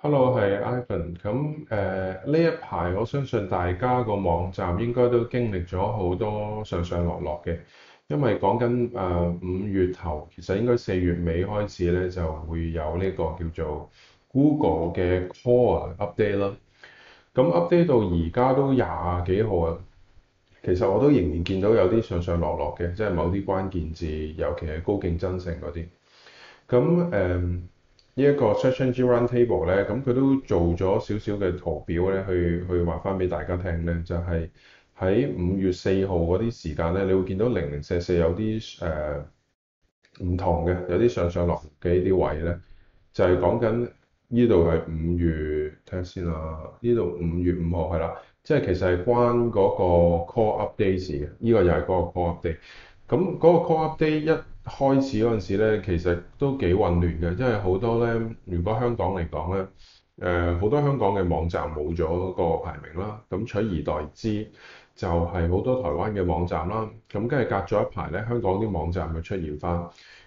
Hello，係 Ivan。咁、呃、誒，呢一排我相信大家個網站應該都經歷咗好多上上落落嘅，因為講緊誒五月頭，其實應該四月尾開始咧就會有呢個叫做 Google 嘅 Core Update 啦。咁 Update 到而家都廿幾號啦、啊，其實我都仍然見到有啲上上落落嘅，即係某啲關鍵字，尤其係高競爭性嗰啲。咁誒。呃呢一個 search engine run table 咧，咁、嗯、佢都做咗少少嘅圖表咧，去去話翻俾大家聽咧，就係喺五月四號嗰啲時間咧，你會見到零零四四有啲誒唔同嘅，有啲上上落嘅呢啲位咧，就係講緊呢度係五月，睇先啦，呢度五月五號係啦，即係其實係關嗰個 call update 嘅，呢、這個又係嗰個 call update，咁、嗯、嗰、那個 call update 一。開始嗰陣時咧，其實都幾混亂嘅，因為好多咧，如果香港嚟講咧，誒、呃、好多香港嘅網站冇咗嗰個排名啦，咁取而代之就係、是、好多台灣嘅網站啦，咁跟係隔咗一排咧，香港啲網站咪出現翻，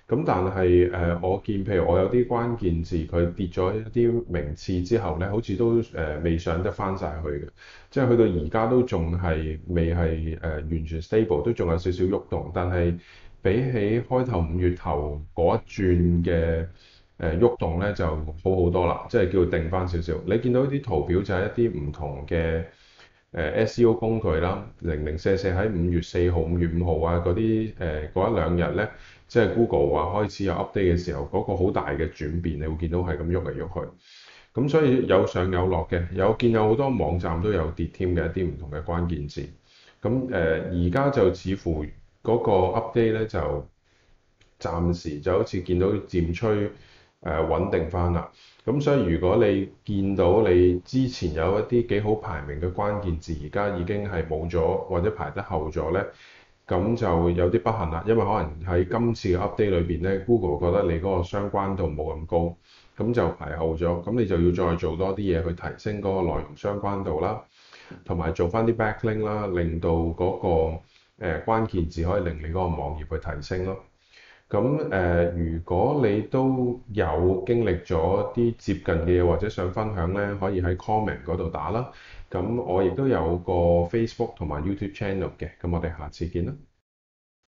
咁但係誒、呃、我見譬如我有啲關鍵字佢跌咗一啲名次之後咧，好似都誒、呃、未上得翻晒去嘅，即係去到而家都仲係未係誒、呃、完全 stable，都仲有少少喐動，但係。比起開頭五月頭嗰一轉嘅誒喐動咧，就好好多啦，即係叫定翻少少。你見到一啲圖表就係一啲唔同嘅誒、呃、SEO 工具啦，零零四四喺五月四號、五月五號啊嗰啲誒嗰一兩日咧，即係 Google 話、啊、開始有 update 嘅時候，嗰、嗰個好大嘅轉變，你會見到係咁喐嚟喐去。咁所以有上有落嘅，有見有好多網站都有跌添嘅一啲唔同嘅關鍵字。咁誒而家就似乎～嗰個 update 咧就暫時就好似見到漸趨誒、呃、穩定翻啦。咁所以如果你見到你之前有一啲幾好排名嘅關鍵字，而家已經係冇咗或者排得後咗咧，咁就有啲不幸啦。因為可能喺今次嘅 update 裏邊咧，Google 覺得你嗰個相關度冇咁高，咁就排後咗。咁你就要再做多啲嘢去提升嗰個內容相關度啦，同埋做翻啲 backlink 啦，令到嗰個。誒、呃、關鍵字可以令你嗰個網頁去提升咯。咁、嗯、誒、呃，如果你都有經歷咗啲接近嘅嘢，或者想分享呢，可以喺 comment 嗰度打啦。咁、嗯、我亦都有個 Facebook 同埋 YouTube channel 嘅。咁我哋下次見啦。